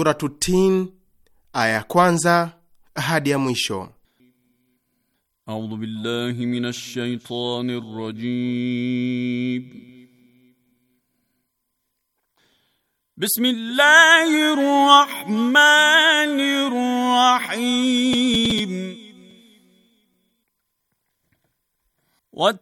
Suratu Tin, aya ya kwanza hadi ya mwisho. Audhu billahi minash shaitani rajim. Bismillahir rahmanir rahim. Wat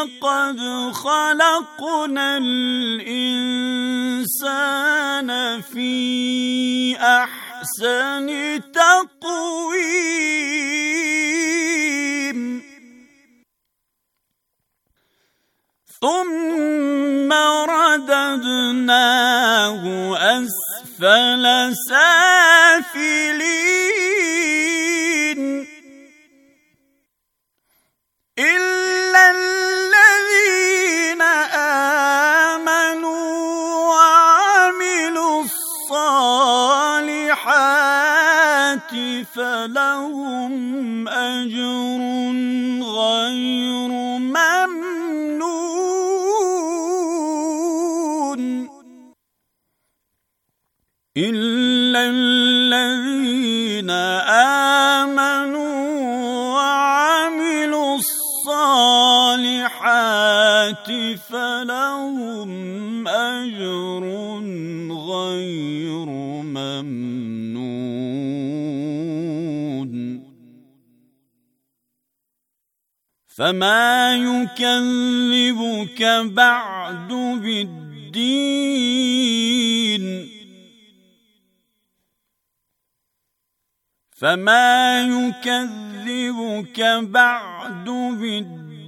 لقد خلقنا الانسان في احسن تقويم ثم رددناه اسفل سافلين فلهم أجر غير ممنون فما يكذبك بعد بالدين فما يكذبك بعد بالدين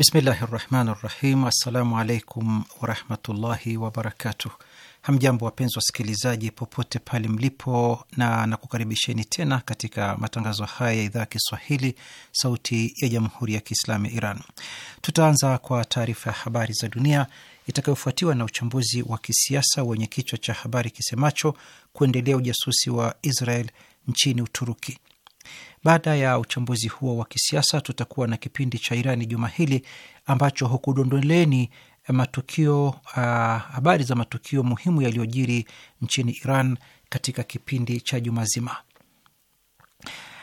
Bismillahi rahmani rahim. Assalamu alaikum warahmatullahi wabarakatuh. Hamjambo wapenzi wasikilizaji popote pale mlipo, na nakukaribisheni tena katika matangazo haya ya idhaa ya Kiswahili sauti ya jamhuri ya Kiislamu ya Iran. Tutaanza kwa taarifa ya habari za dunia itakayofuatiwa na uchambuzi wa kisiasa wenye kichwa cha habari kisemacho kuendelea ujasusi wa Israel nchini Uturuki. Baada ya uchambuzi huo wa kisiasa, tutakuwa na kipindi cha Irani juma hili ambacho hukudondoleni matukio uh, habari za matukio muhimu yaliyojiri nchini Iran katika kipindi cha juma zima.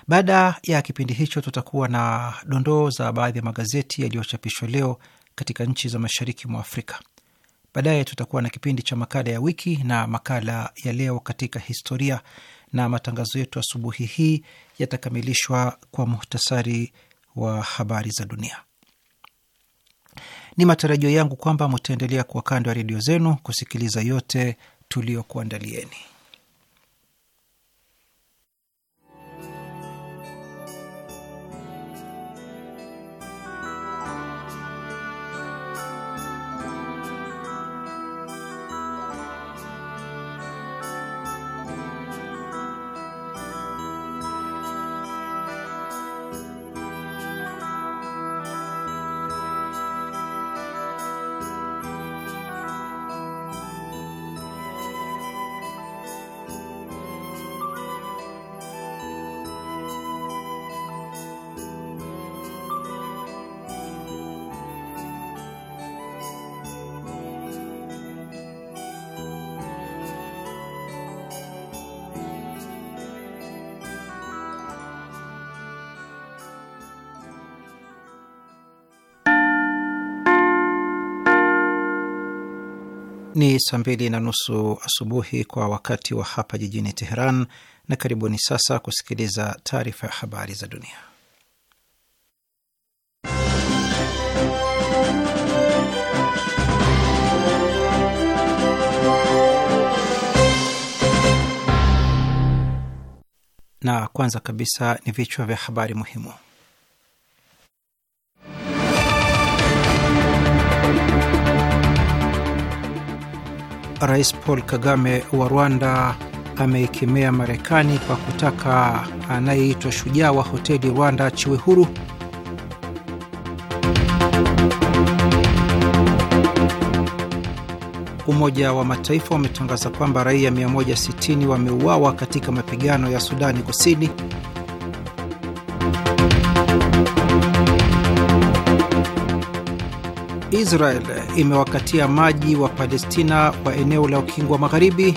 Baada ya kipindi hicho, tutakuwa na dondoo za baadhi ya magazeti yaliyochapishwa leo katika nchi za mashariki mwa Afrika. Baadaye tutakuwa na kipindi cha makala ya wiki na makala ya leo katika historia, na matangazo yetu asubuhi hii yatakamilishwa kwa muhtasari wa habari za dunia. Ni matarajio yangu kwamba mutaendelea kuwa kando ya redio zenu kusikiliza yote tuliyokuandalieni. saa mbili na nusu asubuhi kwa wakati wa hapa jijini Teheran, na karibuni sasa kusikiliza taarifa ya habari za dunia. Na kwanza kabisa ni vichwa vya habari muhimu. Rais Paul Kagame wa Rwanda ameikemea Marekani kwa kutaka anayeitwa shujaa wa hoteli Rwanda achiwe huru. Umoja wa Mataifa umetangaza kwamba raia 160 wameuawa katika mapigano ya Sudani Kusini. Israel imewakatia maji wa Palestina wa eneo la ukingo wa Magharibi.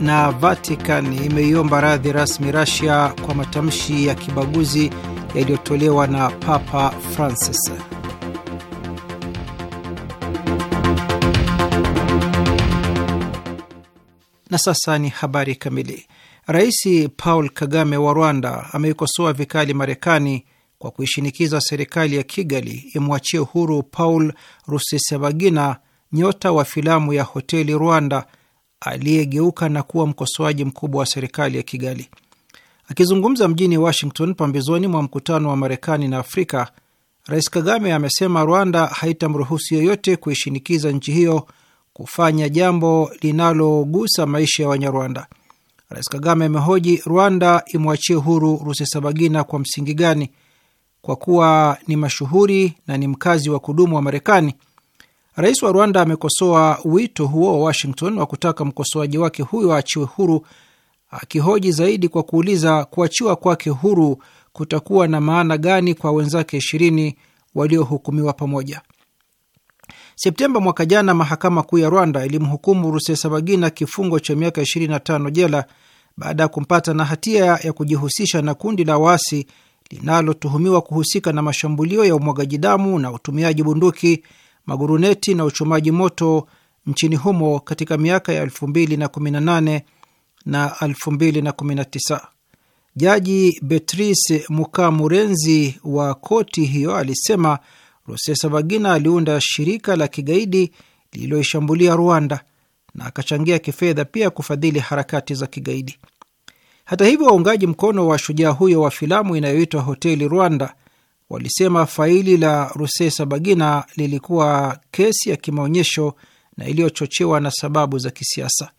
Na Vatican imeiomba radhi rasmi Russia kwa matamshi ya kibaguzi yaliyotolewa na Papa Francis. Na sasa ni habari kamili. Rais Paul Kagame wa Rwanda ameikosoa vikali Marekani kwa kuishinikiza serikali ya Kigali imwachie huru Paul Rusesabagina, nyota wa filamu ya Hoteli Rwanda aliyegeuka na kuwa mkosoaji mkubwa wa serikali ya Kigali. Akizungumza mjini Washington pambizoni mwa mkutano wa Marekani na Afrika, Rais Kagame amesema Rwanda haitamruhusu yoyote kuishinikiza nchi hiyo kufanya jambo linalogusa maisha ya Wanyarwanda. Rais Kagame amehoji Rwanda imwachie huru Rusesabagina kwa msingi gani, kwa kuwa ni mashuhuri na ni mkazi wa kudumu wa Marekani. Rais wa Rwanda amekosoa wito huo wa Washington wa kutaka mkosoaji wake huyo aachiwe huru, akihoji zaidi kwa kuuliza kuachiwa kwake huru kutakuwa na maana gani kwa wenzake ishirini waliohukumiwa pamoja. Septemba mwaka jana, mahakama kuu ya Rwanda ilimhukumu Rusesabagina kifungo cha miaka 25 jela baada ya kumpata na hatia ya kujihusisha na kundi la waasi linalotuhumiwa kuhusika na mashambulio ya umwagaji damu na utumiaji bunduki, maguruneti na uchomaji moto nchini humo katika miaka ya 2018 na 2019. Jaji Beatrice Mukamurenzi wa koti hiyo alisema Rusesabagina aliunda shirika la kigaidi lililoishambulia Rwanda na akachangia kifedha pia kufadhili harakati za kigaidi. Hata hivyo, waungaji mkono wa shujaa huyo wa filamu inayoitwa Hoteli Rwanda walisema faili la Rusesabagina lilikuwa kesi ya kimaonyesho na iliyochochewa na sababu za kisiasa.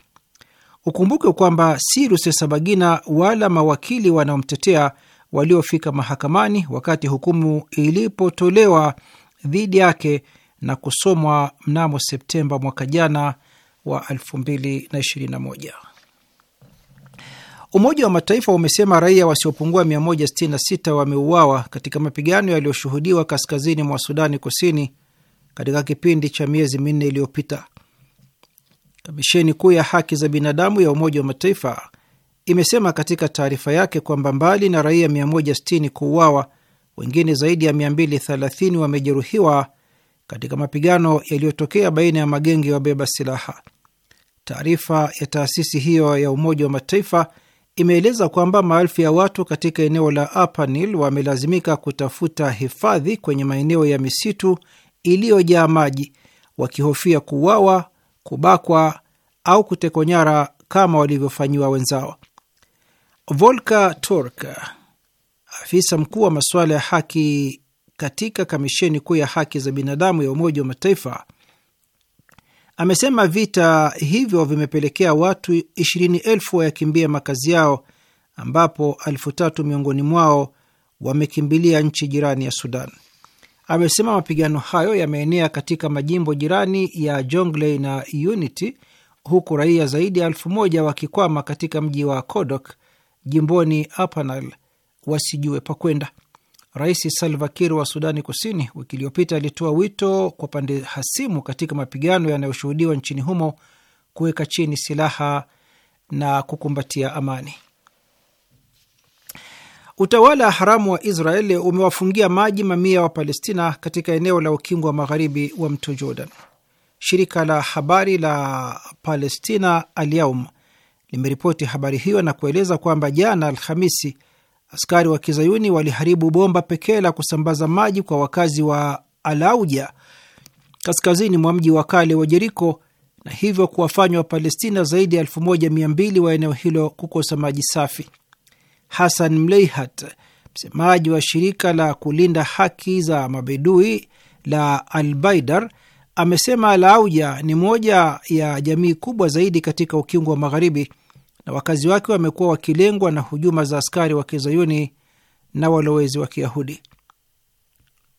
Ukumbuke kwamba si Rusesabagina wala mawakili wanaomtetea waliofika mahakamani wakati hukumu ilipotolewa dhidi yake na kusomwa mnamo Septemba mwaka jana wa 2021. Umoja wa Mataifa umesema raia wasiopungua 166 wameuawa katika mapigano yaliyoshuhudiwa kaskazini mwa Sudani Kusini katika kipindi cha miezi minne iliyopita. Kamisheni kuu ya haki za binadamu ya Umoja wa Mataifa imesema katika taarifa yake kwamba mbali na raia 160 kuuawa wengine zaidi ya 230 wamejeruhiwa katika mapigano yaliyotokea baina ya magenge ya wabeba silaha. Taarifa ya taasisi hiyo ya Umoja wa Mataifa imeeleza kwamba maelfu ya watu katika eneo la Upper Nile wamelazimika kutafuta hifadhi kwenye maeneo ya misitu iliyojaa maji, wakihofia kuuawa, kubakwa au kutekwa nyara kama walivyofanyiwa wenzao. Volker Turk Afisa mkuu wa masuala ya haki katika kamisheni kuu ya haki za binadamu ya Umoja wa Mataifa amesema vita hivyo vimepelekea watu elfu wayakimbia makazi yao, ambapo elfu tatu miongoni mwao wamekimbilia nchi jirani ya Sudan. Amesema mapigano hayo yameenea katika majimbo jirani ya Jonglei na Unity, huku raia zaidi ya elfu moja wakikwama katika mji wa Kodok jimboni Apanal wasijue pa kwenda. Rais Salva Kiir wa Sudani Kusini wiki iliyopita alitoa wito kwa pande hasimu katika mapigano yanayoshuhudiwa nchini humo kuweka chini silaha na kukumbatia amani. Utawala haramu wa Israeli umewafungia maji mamia wa palestina katika eneo la ukingo wa magharibi wa mto Jordan. Shirika la habari la Palestina Alyaum limeripoti habari hiyo na kueleza kwamba jana Alhamisi Askari wa kizayuni waliharibu bomba pekee la kusambaza maji kwa wakazi wa Alauja kaskazini mwa mji wa kale wa Jeriko na hivyo kuwafanywa Wapalestina zaidi ya 1200 wa eneo hilo kukosa maji safi. Hassan Mleihat, msemaji wa shirika la kulinda haki za mabedui la Albaidar, amesema Alauja ni moja ya jamii kubwa zaidi katika ukingo wa Magharibi na wakazi wake wamekuwa wakilengwa na hujuma za askari wa kizayuni na walowezi wa Kiyahudi,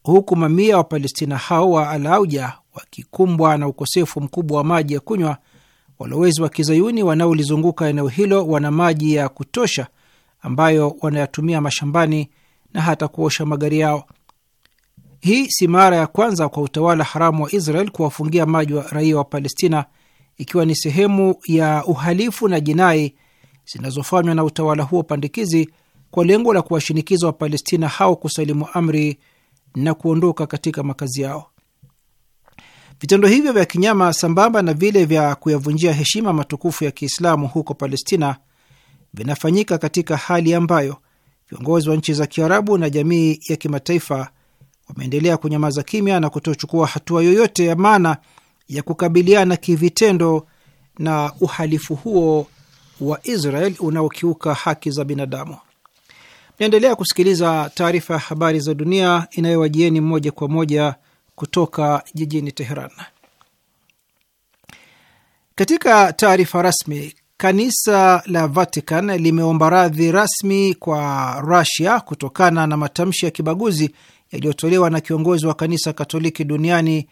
huku mamia wa Palestina hao wa alauja wakikumbwa na ukosefu mkubwa wa maji ya kunywa. Walowezi wa kizayuni wanaolizunguka eneo hilo wana maji ya kutosha ambayo wanayatumia mashambani na hata kuosha magari yao. Hii si mara ya kwanza kwa utawala haramu wa Israel kuwafungia maji wa raia wa Palestina ikiwa ni sehemu ya uhalifu na jinai zinazofanywa na utawala huo pandikizi kwa lengo la kuwashinikiza Wapalestina hao kusalimu amri na kuondoka katika makazi yao. Vitendo hivyo vya kinyama sambamba na vile vya kuyavunjia heshima matukufu ya Kiislamu huko Palestina vinafanyika katika hali ambayo viongozi wa nchi za Kiarabu na jamii ya kimataifa wameendelea kunyamaza kimya na kutochukua hatua yoyote ya maana ya kukabiliana kivitendo na uhalifu huo wa Israel unaokiuka haki za binadamu. Mnaendelea kusikiliza taarifa ya habari za dunia inayowajieni moja kwa moja kutoka jijini Teheran. Katika taarifa rasmi, kanisa la Vatican limeomba radhi rasmi kwa Russia kutokana na matamshi ya kibaguzi yaliyotolewa na kiongozi wa kanisa Katoliki duniani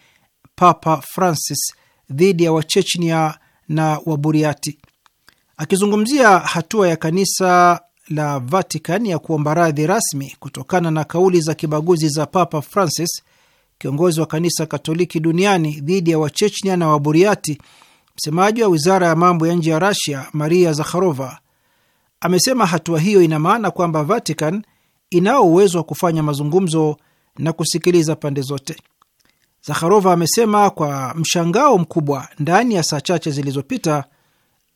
Papa Francis dhidi ya Wachechnia na Waburiati. Akizungumzia hatua ya kanisa la Vatican ya kuomba radhi rasmi kutokana na kauli za kibaguzi za Papa Francis, kiongozi wa kanisa Katoliki duniani dhidi ya Wachechnia na Waburiati, msemaji wa wizara ya mambo ya nje ya Rasia Maria Zakharova amesema hatua hiyo ina maana kwamba Vatican inao uwezo wa kufanya mazungumzo na kusikiliza pande zote. Zakharova amesema kwa mshangao mkubwa, ndani ya saa chache zilizopita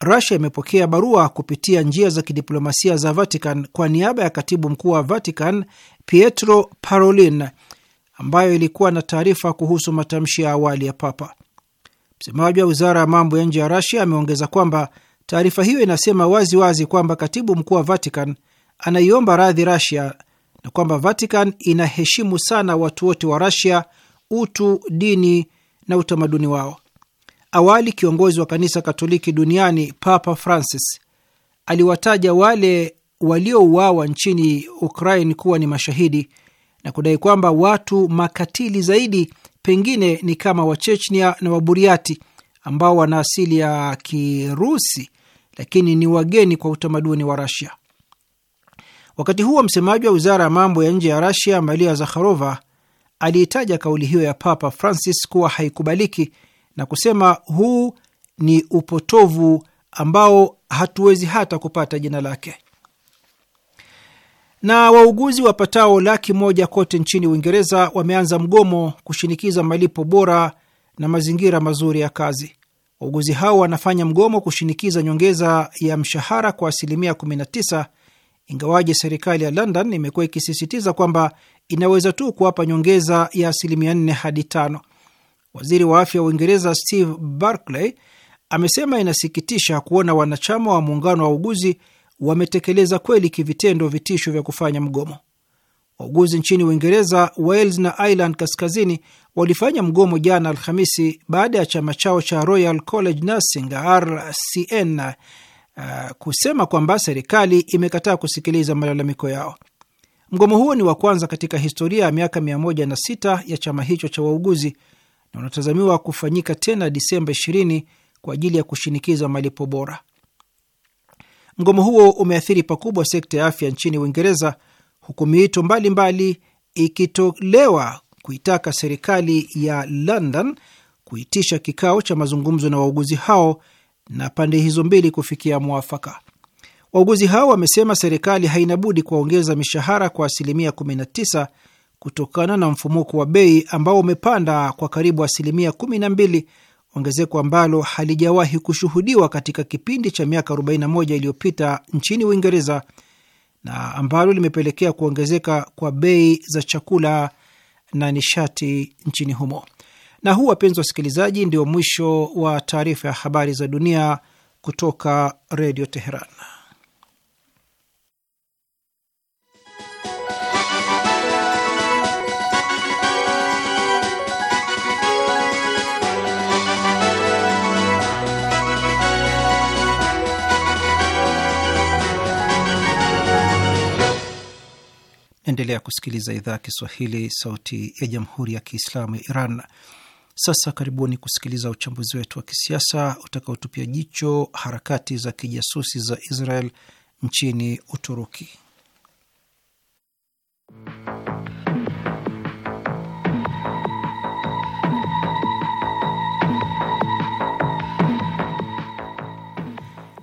Rasia imepokea barua kupitia njia za kidiplomasia za Vatican kwa niaba ya katibu mkuu wa Vatican Pietro Parolin, ambayo ilikuwa na taarifa kuhusu matamshi ya awali ya Papa. Msemaji wa wizara ya mambo ya nje ya Rasia ameongeza kwamba taarifa hiyo inasema wazi wazi kwamba katibu mkuu wa Vatican anaiomba radhi Rasia na kwamba Vatican inaheshimu sana watu wote wa Rasia utu, dini na utamaduni wao. Awali kiongozi wa kanisa Katoliki duniani Papa Francis aliwataja wale waliouawa nchini Ukraine kuwa ni mashahidi na kudai kwamba watu makatili zaidi pengine ni kama Wachechnia na Waburiati ambao wana asili ya Kirusi lakini ni wageni kwa utamaduni wa Rasia. Wakati huo msemaji wa wizara ya mambo ya nje ya Rasia Maria Zakharova aliitaja kauli hiyo ya Papa Francis kuwa haikubaliki na kusema huu ni upotovu ambao hatuwezi hata kupata jina lake. Na wauguzi wapatao laki moja kote nchini Uingereza wameanza mgomo kushinikiza malipo bora na mazingira mazuri ya kazi. Wauguzi hao wanafanya mgomo kushinikiza nyongeza ya mshahara kwa asilimia 19, ingawaje serikali ya London imekuwa ikisisitiza kwamba inaweza tu kuwapa nyongeza ya asilimia nne hadi tano. Waziri wa afya wa Uingereza Steve Barclay amesema inasikitisha kuona wanachama wa muungano wa uguzi wametekeleza kweli kivitendo vitisho vya kufanya mgomo. Wauguzi nchini Uingereza, Wales na Ireland Kaskazini walifanya mgomo jana Alhamisi baada ya chama chao cha Royal College Nursing RCN uh, kusema kwamba serikali imekataa kusikiliza malalamiko yao. Mgomo huo ni wa kwanza katika historia ya miaka 106 ya chama hicho cha wauguzi na unatazamiwa kufanyika tena Disemba 20 kwa ajili ya kushinikiza malipo bora. Mgomo huo umeathiri pakubwa sekta ya afya nchini Uingereza, huku miito mbalimbali ikitolewa kuitaka serikali ya London kuitisha kikao cha mazungumzo na wauguzi hao na pande hizo mbili kufikia mwafaka. Wauguzi hao wamesema serikali haina budi kuwaongeza mishahara kwa asilimia 19 kutokana na mfumuko wa bei ambao umepanda kwa karibu asilimia 12, ongezeko ambalo halijawahi kushuhudiwa katika kipindi cha miaka 41 iliyopita nchini Uingereza na ambalo limepelekea kuongezeka kwa bei za chakula na nishati nchini humo. Na huu, wapenzi wasikilizaji, ndio mwisho wa taarifa ya habari za dunia kutoka Redio Teheran. Naendelea kusikiliza idhaa ya Kiswahili, sauti ya jamhuri ya kiislamu ya Iran. Sasa karibuni kusikiliza uchambuzi wetu wa kisiasa utakaotupia jicho harakati za kijasusi za Israel nchini Uturuki.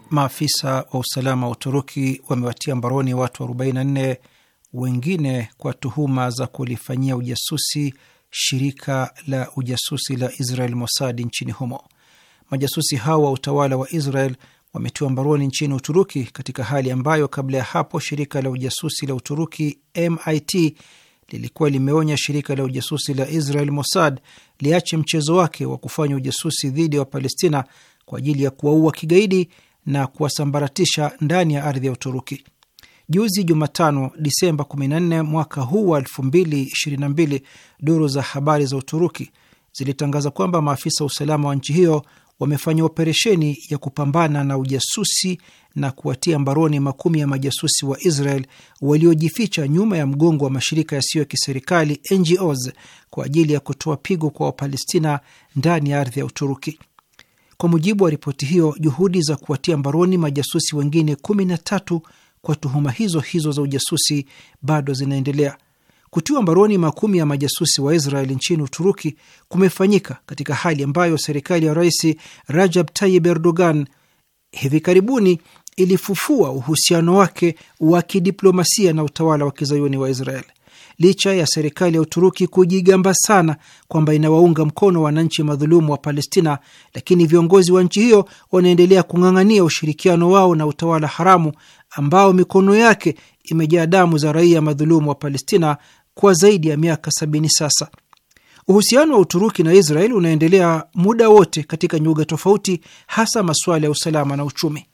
Maafisa wa usalama wa Uturuki wamewatia mbaroni watu 44 wengine kwa tuhuma za kulifanyia ujasusi shirika la ujasusi la Israel Mosadi nchini humo. Majasusi hao wa utawala wa Israel wametiwa mbaroni nchini Uturuki katika hali ambayo kabla ya hapo shirika la ujasusi la Uturuki MIT lilikuwa limeonya shirika la ujasusi la Israel Mossad liache mchezo wake wa kufanya ujasusi dhidi ya wa Wapalestina kwa ajili ya kuwaua kigaidi na kuwasambaratisha ndani ya ardhi ya Uturuki. Juzi Jumatano, Disemba 14 mwaka huu wa 2022, duru za habari za Uturuki zilitangaza kwamba maafisa wa usalama wa nchi hiyo wamefanya operesheni ya kupambana na ujasusi na kuwatia mbaroni makumi ya majasusi wa Israel waliojificha nyuma ya mgongo wa mashirika yasiyo ya kiserikali NGOs kwa ajili ya kutoa pigo kwa Wapalestina ndani ya ardhi ya Uturuki. Kwa mujibu wa ripoti hiyo, juhudi za kuwatia mbaroni majasusi wengine 13 kwa tuhuma hizo hizo za ujasusi bado zinaendelea. Kutiwa mbaroni makumi ya majasusi wa Israeli nchini Uturuki kumefanyika katika hali ambayo serikali ya Rais Rajab Tayyip Erdogan hivi karibuni ilifufua uhusiano wake wa kidiplomasia na utawala wa kizayuni wa Israeli licha ya serikali ya Uturuki kujigamba sana kwamba inawaunga mkono wananchi madhulumu wa Palestina, lakini viongozi wa nchi hiyo wanaendelea kung'ang'ania ushirikiano wao na utawala haramu ambao mikono yake imejaa damu za raia madhulumu wa Palestina kwa zaidi ya miaka sabini sasa. Uhusiano wa Uturuki na israel unaendelea muda wote katika nyuga tofauti, hasa masuala ya usalama na uchumi.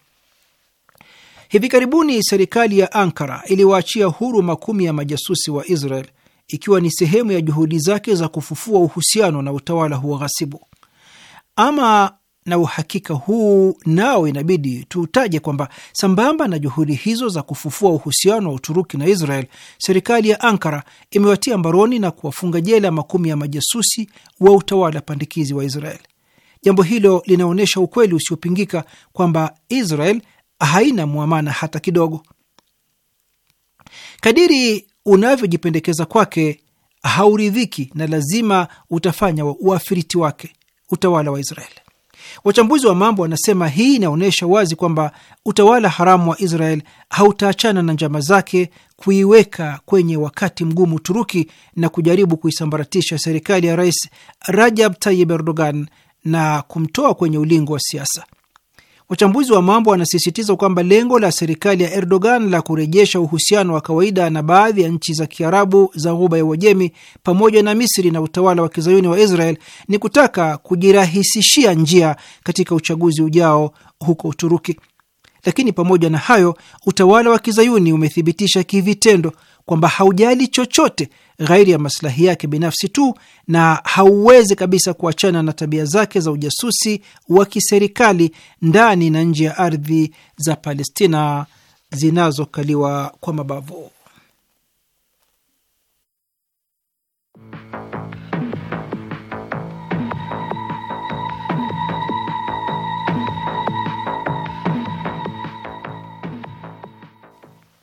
Hivi karibuni serikali ya Ankara iliwaachia huru makumi ya majasusi wa Israel ikiwa ni sehemu ya juhudi zake za kufufua uhusiano na utawala huo ghasibu. Ama na uhakika huu nao inabidi tuutaje kwamba sambamba na juhudi hizo za kufufua uhusiano wa Uturuki na Israel, serikali ya Ankara imewatia mbaroni na kuwafunga jela makumi ya majasusi wa utawala pandikizi wa Israel. Jambo hilo linaonyesha ukweli usiopingika kwamba Israel haina mwamana hata kidogo. Kadiri unavyojipendekeza kwake, hauridhiki na lazima utafanya wa uafiriti wake utawala wa Israeli. Wachambuzi wa mambo wanasema hii inaonyesha wazi kwamba utawala haramu wa Israel hautaachana na njama zake kuiweka kwenye wakati mgumu Uturuki na kujaribu kuisambaratisha serikali ya Rais Rajab Tayyip Erdogan na kumtoa kwenye ulingo wa siasa. Wachambuzi wa mambo wanasisitiza kwamba lengo la serikali ya Erdogan la kurejesha uhusiano wa kawaida na baadhi ya nchi za Kiarabu za Ghuba ya Uajemi pamoja na Misri na utawala wa kizayuni wa Israel ni kutaka kujirahisishia njia katika uchaguzi ujao huko Uturuki. Lakini pamoja na hayo, utawala wa kizayuni umethibitisha kivitendo kwamba haujali chochote ghairi ya maslahi yake binafsi tu na hauwezi kabisa kuachana na tabia zake za ujasusi wa kiserikali ndani na nje ya ardhi za Palestina zinazokaliwa kwa mabavu.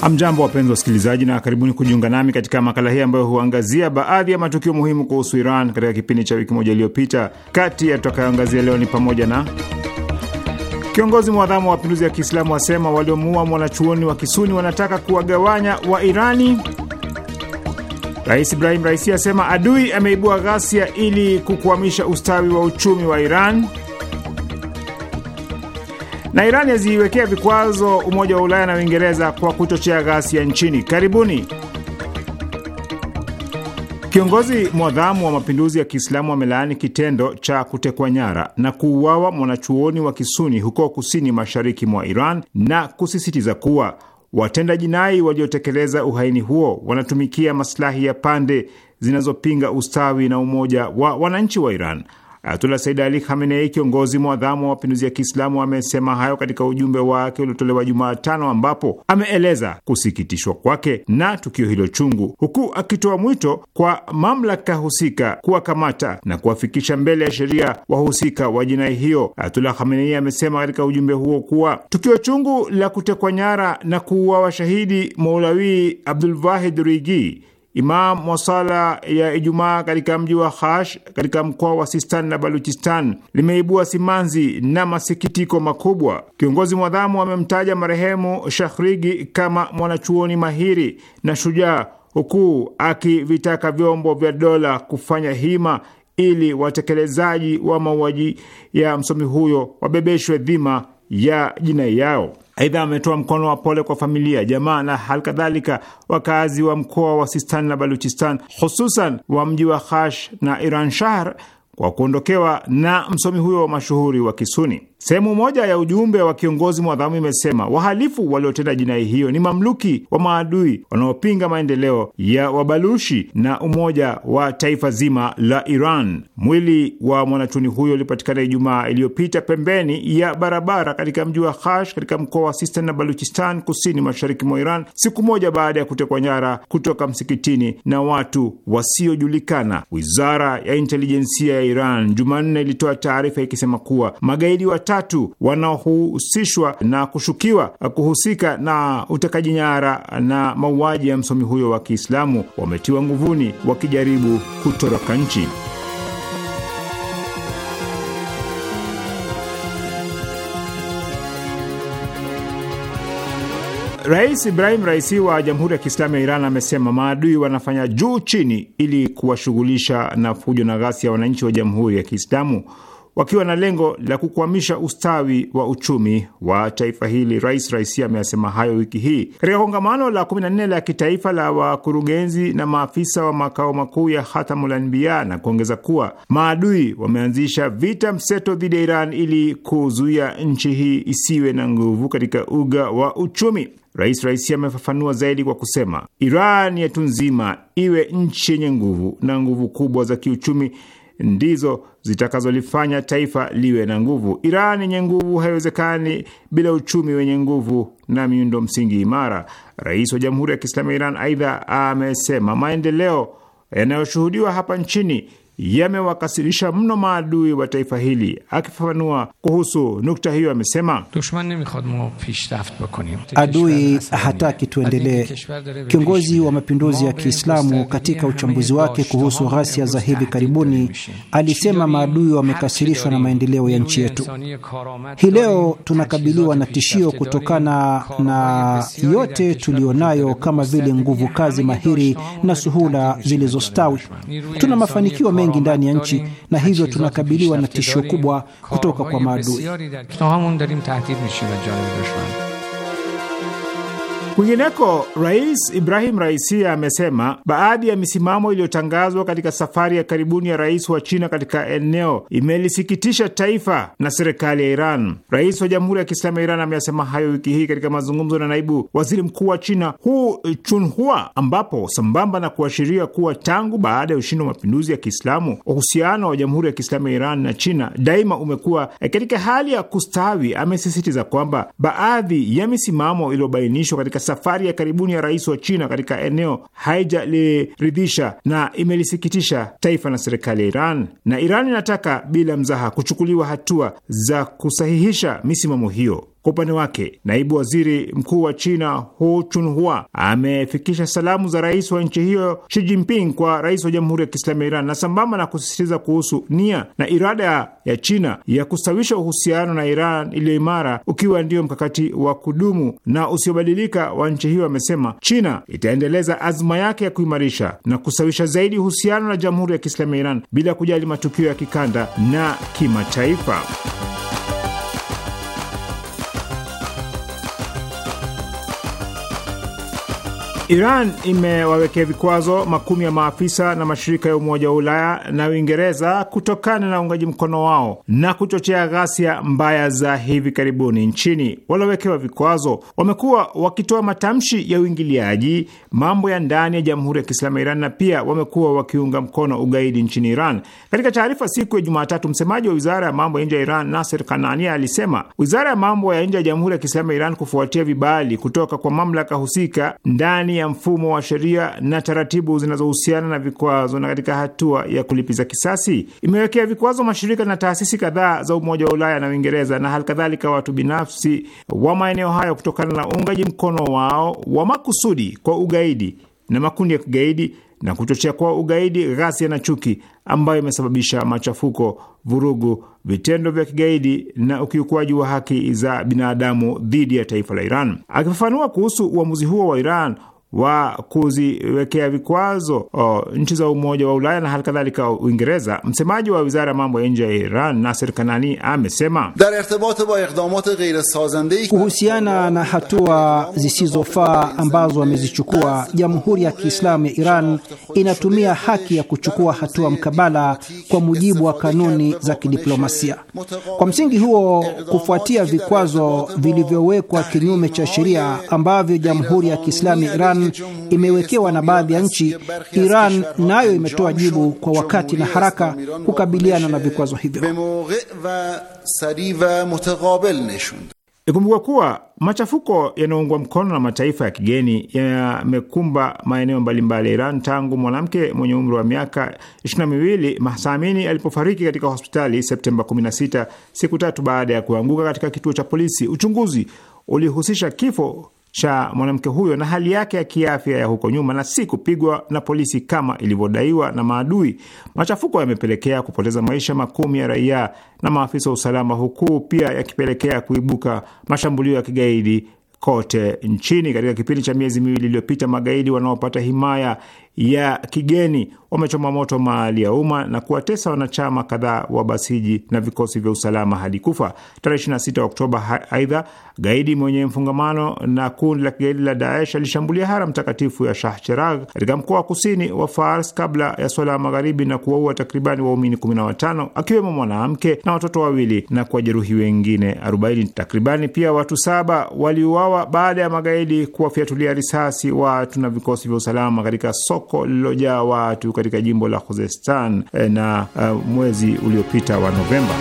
Hamjambo, wapenzi wasikilizaji, na karibuni kujiunga nami katika makala hii ambayo huangazia baadhi ya matukio muhimu kuhusu Iran katika kipindi cha wiki moja iliyopita. Kati ya tutakayoangazia leo ni pamoja na kiongozi mwadhamu wa mapinduzi ya Kiislamu wasema waliomuua mwanachuoni wa Kisuni wanataka kuwagawanya wa Irani. Rais Ibrahim Raisi asema adui ameibua ghasia ili kukwamisha ustawi wa uchumi wa Iran na Iran yaziiwekea vikwazo Umoja wa Ulaya na Uingereza kwa kuchochea ghasia nchini. Karibuni. Kiongozi mwadhamu wa mapinduzi ya Kiislamu amelaani kitendo cha kutekwa nyara na kuuawa mwanachuoni wa Kisuni huko kusini mashariki mwa Iran na kusisitiza kuwa watenda jinai waliotekeleza uhaini huo wanatumikia masilahi ya pande zinazopinga ustawi na umoja wa wananchi wa Iran. Ayatullah Said Ali Khamenei, kiongozi mwadhamu wa mapinduzi ya Kiislamu, amesema hayo katika ujumbe wake uliotolewa Jumatano, ambapo ameeleza kusikitishwa kwake na tukio hilo chungu, huku akitoa mwito kwa mamlaka husika kuwakamata na kuwafikisha mbele ya sheria wahusika wa jinai hiyo. Ayatullah Khamenei amesema katika ujumbe huo kuwa tukio chungu la kutekwa nyara na kuuawa shahidi Maulawi Abdulwahid Rigi Imam wa sala ya Ijumaa katika mji wa Hash katika mkoa wa Sistan na Baluchistan limeibua simanzi na masikitiko makubwa. Kiongozi mwadhamu amemtaja marehemu Shahrigi kama mwanachuoni mahiri na shujaa, huku akivitaka vyombo vya dola kufanya hima ili watekelezaji wa mauaji ya msomi huyo wabebeshwe dhima ya jinai yao. Aidha, ametoa mkono wa pole kwa familia, jamaa na kadhalika wakazi wa mkoa wa Sistan na Baluchistan, hususan wa mji wa Khash na Iran Shahr kwa kuondokewa na msomi huyo wa mashuhuri wa Kisuni. Sehemu moja ya ujumbe wa kiongozi mwadhamu imesema wahalifu waliotenda jinai hiyo ni mamluki wa maadui wanaopinga maendeleo ya wabalushi na umoja wa taifa zima la Iran. Mwili wa mwanachuni huyo ulipatikana Ijumaa iliyopita pembeni ya barabara katika mji wa Khash katika mkoa wa Sistan na Baluchistan, kusini mashariki mwa Iran, siku moja baada ya kutekwa nyara kutoka msikitini na watu wasiojulikana. Wizara ya intelijensia ya Iran Jumanne ilitoa taarifa ikisema kuwa magaidi wa watatu wanaohusishwa na kushukiwa kuhusika na utekaji nyara na mauaji ya msomi huyo wa Kiislamu wametiwa nguvuni wakijaribu kutoroka nchi. Rais Ibrahim Raisi wa Jamhuri ya Kiislamu ya Iran amesema maadui wanafanya juu chini ili kuwashughulisha na fujo na ghasia ya wananchi wa Jamhuri ya Kiislamu wakiwa na lengo la kukwamisha ustawi wa uchumi wa taifa hili. Rais Raisi ameyasema hayo wiki hii katika kongamano la 14 la kitaifa la wakurugenzi na maafisa wa makao makuu ya Hatamulanbia na kuongeza kuwa maadui wameanzisha vita mseto dhidi ya Iran ili kuzuia nchi hii isiwe na nguvu katika uga wa uchumi. Rais Raisi amefafanua zaidi kwa kusema, Iran yetu nzima iwe nchi yenye nguvu na nguvu kubwa za kiuchumi ndizo zitakazolifanya taifa liwe na nguvu. Iran yenye nguvu haiwezekani bila uchumi wenye nguvu na miundo msingi imara. Rais wa Jamhuri ya Kiislamu ya Iran aidha amesema maendeleo yanayoshuhudiwa hapa nchini yamewakasirisha mno maadui wa taifa hili. Akifafanua kuhusu nukta hiyo, amesema adui hataki tuendelee. Kiongozi wa mapinduzi ya Kiislamu katika uchambuzi wake kuhusu ghasia za hivi karibuni alisema maadui wamekasirishwa na maendeleo ya nchi yetu. Hii leo tunakabiliwa na tishio kutokana na yote tuliyonayo, kama vile nguvu kazi mahiri na suhula zilizostawi. Tuna mafanikio mengi wengi ndani ya nchi, na hivyo tunakabiliwa na tishio kubwa kutoka kwa maadui. Kwingineko, Rais Ibrahim Raisi amesema baadhi ya misimamo iliyotangazwa katika safari ya karibuni ya rais wa China katika eneo imelisikitisha taifa na serikali ya Iran. Rais wa Jamhuri ya Kiislamu ya Iran ameyasema hayo wiki hii katika mazungumzo na naibu waziri mkuu wa China Hu Chunhua, ambapo sambamba na kuashiria kuwa tangu baada ya ushindi wa mapinduzi ya Kiislamu uhusiano wa Jamhuri ya Kiislamu ya Iran na China daima umekuwa katika hali ya kustawi, amesisitiza kwamba baadhi ya misimamo iliyobainishwa katika safari ya karibuni ya rais wa China katika eneo haijaliridhisha na imelisikitisha taifa na serikali ya Iran, na Iran inataka bila mzaha kuchukuliwa hatua za kusahihisha misimamo hiyo. Kwa upande wake naibu waziri mkuu wa China Hu Chunhua amefikisha salamu za rais wa nchi hiyo Xi Jinping kwa rais wa Jamhuri ya Kiislamu ya Iran na sambamba na kusisitiza kuhusu nia na irada ya China ya kustawisha uhusiano na Iran iliyo imara, ukiwa ndio mkakati wa kudumu na usiobadilika wa nchi hiyo, amesema China itaendeleza azma yake ya kuimarisha na kustawisha zaidi uhusiano na Jamhuri ya Kiislamu ya Iran bila kujali matukio ya kikanda na kimataifa. Iran imewawekea vikwazo makumi ya maafisa na mashirika ya Umoja wa Ulaya na Uingereza kutokana na uungaji mkono wao na kuchochea ghasia mbaya za hivi karibuni nchini. Waliowekewa vikwazo wamekuwa wakitoa matamshi ya uingiliaji mambo ya ndani ya Jamhuri ya Kiislamu ya Iran na pia wamekuwa wakiunga mkono ugaidi nchini Iran. Katika taarifa siku ya Jumatatu, msemaji wa wizara ya mambo ya nje ya Iran naser Kanania alisema wizara ya mambo ya nje ya Jamhuri ya Kiislamu ya Iran kufuatia vibali kutoka kwa mamlaka husika ndani ya mfumo wa sheria na taratibu zinazohusiana na vikwazo, na katika hatua ya kulipiza kisasi imewekea vikwazo mashirika na taasisi kadhaa za Umoja wa Ulaya na Uingereza na halikadhalika watu binafsi wa maeneo hayo kutokana na uungaji mkono wao wa makusudi kwa ugaidi na makundi ya kigaidi na kuchochea kwa ugaidi, ghasia na chuki, ambayo imesababisha machafuko, vurugu, vitendo vya kigaidi na ukiukwaji wa haki za binadamu dhidi ya taifa la Iran. Akifafanua kuhusu uamuzi huo wa Iran wa kuziwekea vikwazo oh, nchi za Umoja wa Ulaya na hali kadhalika Uingereza. Msemaji wa wizara ya mambo ya nje ya Iran Naser Kanani amesema kuhusiana na hatua zisizofaa ambazo wamezichukua, Jamhuri ya Kiislamu ya Iran inatumia haki ya kuchukua hatua mkabala kwa mujibu wa kanuni za kidiplomasia. Kwa msingi huo, kufuatia vikwazo vilivyowekwa kinyume cha sheria ambavyo Jamhuri ya Kiislamu ya Iran Iran imewekewa na baadhi ya nchi, Iran nayo imetoa jibu kwa wakati na haraka kukabiliana na vikwazo hivyo. Ikumbuka kuwa machafuko yanayoungwa mkono na mataifa ya kigeni yamekumba maeneo mbalimbali ya Iran tangu mwanamke mwenye umri wa miaka ishirini na miwili Mahsa Amini alipofariki katika hospitali Septemba 16 siku tatu baada ya kuanguka katika kituo cha polisi. Uchunguzi ulihusisha kifo cha mwanamke huyo na hali yake ya kiafya ya huko nyuma, na si kupigwa na polisi kama ilivyodaiwa na maadui. Machafuko yamepelekea kupoteza maisha makumi ya raia na maafisa wa usalama, huku pia yakipelekea kuibuka mashambulio ya kigaidi kote nchini. Katika kipindi cha miezi miwili iliyopita, magaidi wanaopata himaya ya kigeni wamechoma moto mali ya umma na kuwatesa wanachama kadhaa wa Basiji na vikosi vya usalama hadi kufa. Tarehe 26 Oktoba, aidha gaidi mwenye mfungamano na kundi la kigaidi la Daesh alishambulia haram takatifu ya Shah Cheragh katika mkoa wa kusini wa Fars kabla ya swala ya magharibi na kuwaua takribani waumini 15 akiwemo mwanamke na watoto wawili na kuwajeruhi wengine 40 takribani. Pia watu saba waliuawa waliuawa baada ya magaidi kuwafiatulia risasi watu na vikosi vya usalama katika soko lililojaa watu katika jimbo la Khuzestan eh, na uh, mwezi uliopita wa Novemba.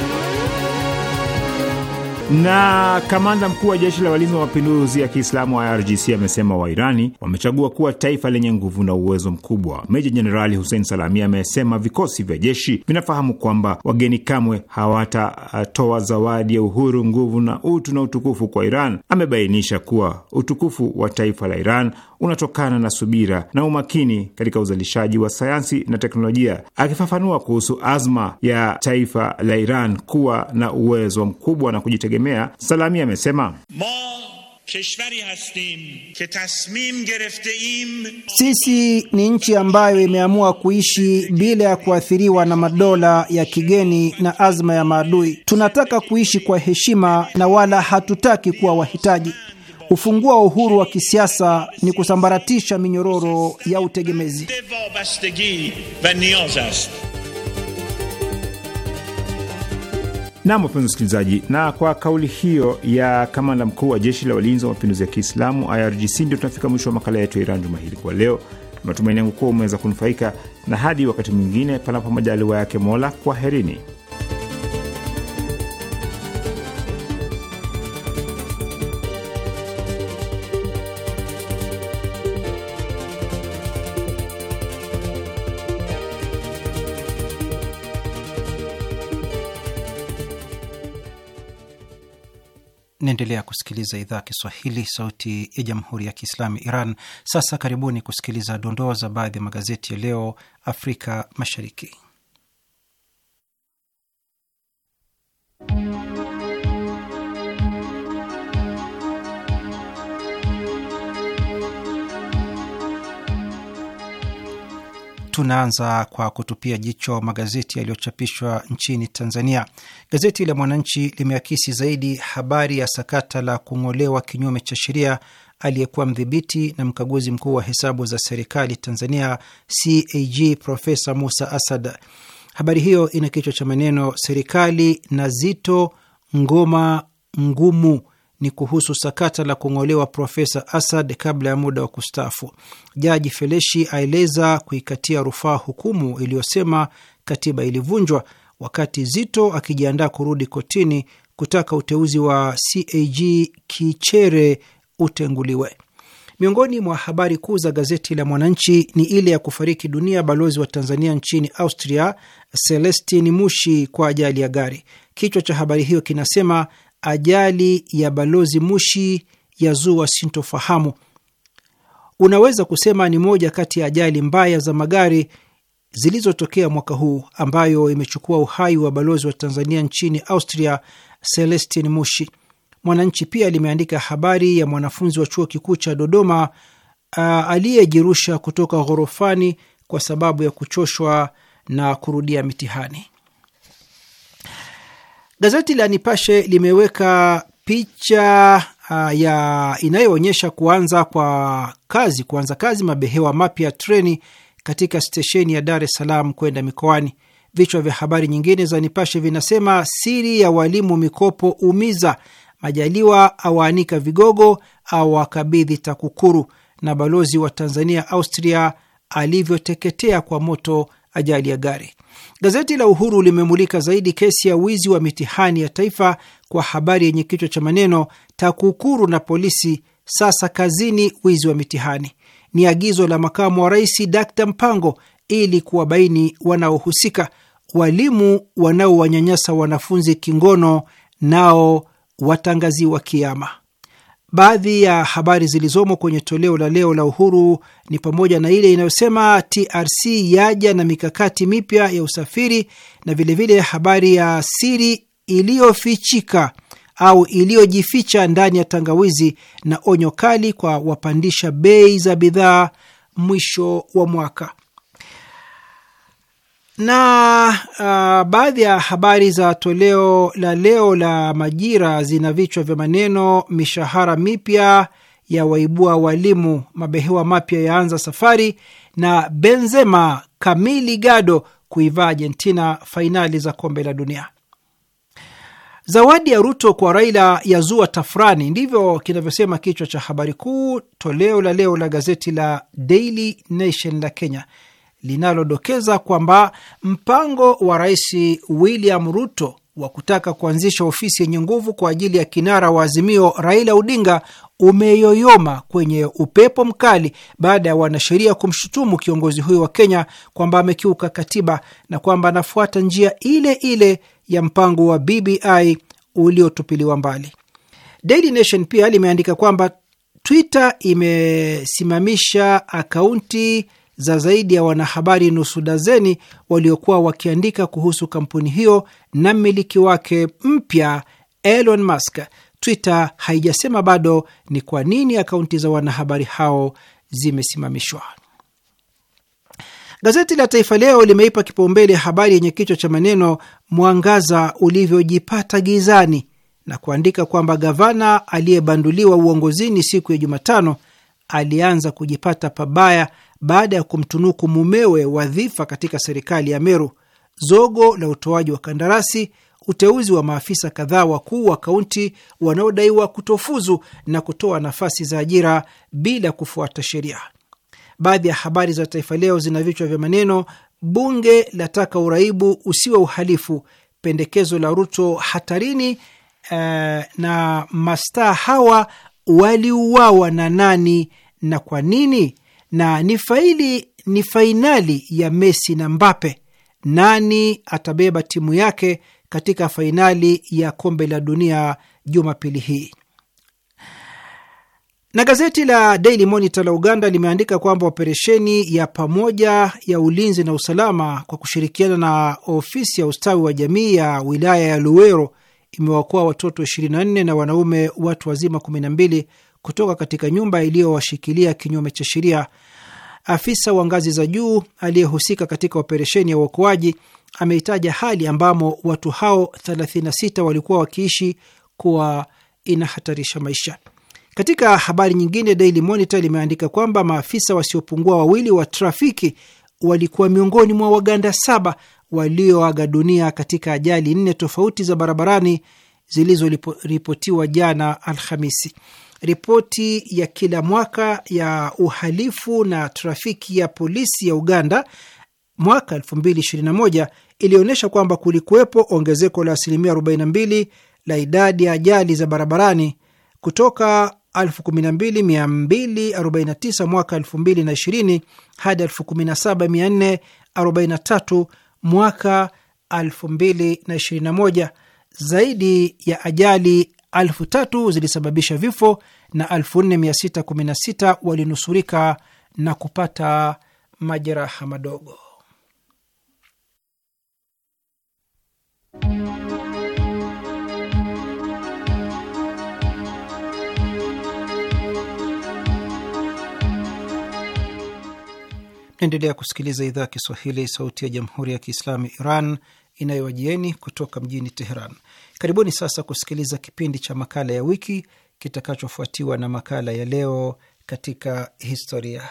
Na kamanda mkuu wa jeshi la walinzi wa mapinduzi ya Kiislamu IRGC amesema Wairani wamechagua kuwa taifa lenye nguvu na uwezo mkubwa. Meja Jenerali Hussein Salami amesema vikosi vya jeshi vinafahamu kwamba wageni kamwe hawatatoa zawadi ya uhuru, nguvu na utu na utukufu kwa Iran. Amebainisha kuwa utukufu wa taifa la Iran unatokana na subira na umakini katika uzalishaji wa sayansi na teknolojia. Akifafanua kuhusu azma ya taifa la Iran kuwa na uwezo mkubwa na kujitegemea, Salami amesema sisi ni nchi ambayo imeamua kuishi bila ya kuathiriwa na madola ya kigeni na azma ya maadui. Tunataka kuishi kwa heshima na wala hatutaki kuwa wahitaji. Ufunguo wa uhuru wa kisiasa ni kusambaratisha minyororo ya utegemezi. Nam, wapenzi msikilizaji, na kwa kauli hiyo ya kamanda mkuu wa jeshi la walinzi wa mapinduzi ya Kiislamu IRGC ndio tunafika mwisho wa makala yetu ya Iran juma hili kwa leo. Matumaini yangu kuwa umeweza kunufaika, na hadi wakati mwingine, panapo majaliwa yake Mola, kwaherini. Unaendelea kusikiliza idhaa ya Kiswahili, sauti ya jamhuri ya kiislamu Iran. Sasa karibuni kusikiliza dondoo za baadhi ya magazeti ya leo Afrika Mashariki. Tunaanza kwa kutupia jicho magazeti yaliyochapishwa nchini Tanzania. Gazeti la Mwananchi limeakisi zaidi habari ya sakata la kung'olewa kinyume cha sheria aliyekuwa mdhibiti na mkaguzi mkuu wa hesabu za serikali Tanzania, CAG, Profesa Musa Asad. Habari hiyo ina kichwa cha maneno serikali na Zito ngoma ngumu ni kuhusu sakata la kung'olewa Profesa Asad kabla ya muda wa kustaafu. Jaji Feleshi aeleza kuikatia rufaa hukumu iliyosema katiba ilivunjwa, wakati Zito akijiandaa kurudi kotini kutaka uteuzi wa CAG Kichere utenguliwe. Miongoni mwa habari kuu za gazeti la Mwananchi ni ile ya kufariki dunia balozi wa Tanzania nchini Austria Celestin Mushi kwa ajali ya gari. Kichwa cha habari hiyo kinasema ajali ya balozi Mushi ya yazua sintofahamu. Unaweza kusema ni moja kati ya ajali mbaya za magari zilizotokea mwaka huu ambayo imechukua uhai wa balozi wa Tanzania nchini Austria, Celestin Mushi. Mwananchi pia limeandika habari ya mwanafunzi wa chuo kikuu cha Dodoma aliyejirusha kutoka ghorofani kwa sababu ya kuchoshwa na kurudia mitihani. Gazeti la Nipashe limeweka picha uh, ya inayoonyesha kuanza kwa kazi kuanza kazi mabehewa mapya ya treni katika stesheni ya Dar es Salaam kwenda mikoani. Vichwa vya habari nyingine za Nipashe vinasema siri ya walimu mikopo umiza, Majaliwa awaanika vigogo au wakabidhi TAKUKURU, na balozi wa Tanzania Austria alivyoteketea kwa moto ajali ya gari. Gazeti la Uhuru limemulika zaidi kesi ya wizi wa mitihani ya taifa kwa habari yenye kichwa cha maneno TAKUKURU na polisi sasa kazini wizi wa mitihani. Ni agizo la makamu wa rais Dkt Mpango ili kuwabaini wanaohusika. Walimu wanaowanyanyasa wanafunzi kingono nao watangaziwa kiama. Baadhi ya habari zilizomo kwenye toleo la leo la Uhuru ni pamoja na ile inayosema TRC yaja na mikakati mipya ya usafiri na vilevile vile habari ya siri iliyofichika au iliyojificha ndani ya tangawizi na onyo kali kwa wapandisha bei za bidhaa mwisho wa mwaka na uh, baadhi ya habari za toleo la leo la Majira zina vichwa vya maneno: mishahara mipya ya waibua walimu, mabehewa mapya yaanza safari, na Benzema kamili gado kuivaa Argentina fainali za kombe la dunia. Zawadi ya Ruto kwa Raila ya zua tafrani, ndivyo kinavyosema kichwa cha habari kuu toleo la leo la gazeti la Daily Nation la Kenya linalodokeza kwamba mpango wa Rais William Ruto wa kutaka kuanzisha ofisi yenye nguvu kwa ajili ya kinara wa Azimio Raila Odinga umeyoyoma kwenye upepo mkali baada ya wanasheria kumshutumu kiongozi huyo wa Kenya kwamba amekiuka katiba na kwamba anafuata njia ile ile ya mpango wa BBI uliotupiliwa mbali. Daily Nation pia limeandika kwamba Twitter imesimamisha akaunti za zaidi ya wanahabari nusu dazeni waliokuwa wakiandika kuhusu kampuni hiyo na mmiliki wake mpya Elon Musk. Twitter haijasema bado ni kwa nini akaunti za wanahabari hao zimesimamishwa. Gazeti la Taifa Leo limeipa kipaumbele habari yenye kichwa cha maneno mwangaza ulivyojipata gizani na kuandika kwamba gavana aliyebanduliwa uongozini siku ya Jumatano alianza kujipata pabaya baada ya kumtunuku mumewe wadhifa katika serikali ya Meru, zogo la utoaji wa kandarasi, uteuzi wa maafisa kadhaa wakuu wa kaunti wanaodaiwa kutofuzu na kutoa nafasi za ajira bila kufuata sheria. Baadhi ya habari za Taifa Leo zina vichwa vya maneno: bunge lataka uraibu usiwe uhalifu, pendekezo la Ruto hatarini, eh, na mastaa hawa waliuawa na nani na kwa nini na ni faili ni fainali ya Messi na Mbappe. Nani atabeba timu yake katika fainali ya kombe la dunia Jumapili hii? Na gazeti la Daily Monitor la Uganda limeandika kwamba operesheni ya pamoja ya ulinzi na usalama kwa kushirikiana na ofisi ya ustawi wa jamii ya wilaya ya Luwero imewakoa watoto 24 na wanaume watu wazima kutoka katika nyumba iliyowashikilia kinyume cha sheria. Afisa wa ngazi za juu aliyehusika katika operesheni ya uokoaji ameitaja hali ambamo watu hao 36 walikuwa wakiishi kuwa inahatarisha maisha. Katika habari nyingine, Daily Monitor limeandika kwamba maafisa wasiopungua wawili wa trafiki walikuwa miongoni mwa Waganda saba walioaga dunia katika ajali nne tofauti za barabarani zilizoripotiwa jana Alhamisi. Ripoti ya kila mwaka ya uhalifu na trafiki ya polisi ya Uganda mwaka 2021 ilionyesha kwamba kulikuwepo ongezeko la asilimia 42 la idadi ya ajali za barabarani kutoka 12249 mwaka 2020 hadi 17443 mwaka 2021. Zaidi ya ajali elfu tatu zilisababisha vifo na 4616 walinusurika na kupata majeraha madogo. Naendelea kusikiliza idhaa ya Kiswahili, sauti ya jamhuri ya kiislamu Iran inayowajieni kutoka mjini Teheran. Karibuni sasa kusikiliza kipindi cha makala ya wiki kitakachofuatiwa na makala ya leo katika historia.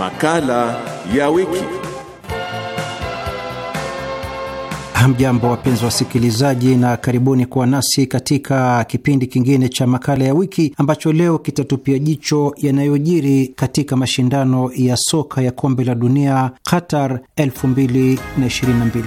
Makala ya wiki. Hamjambo, wapenzi wasikilizaji, na karibuni kuwa nasi katika kipindi kingine cha makala ya wiki ambacho leo kitatupia jicho yanayojiri katika mashindano ya soka ya kombe la dunia Qatar 2022.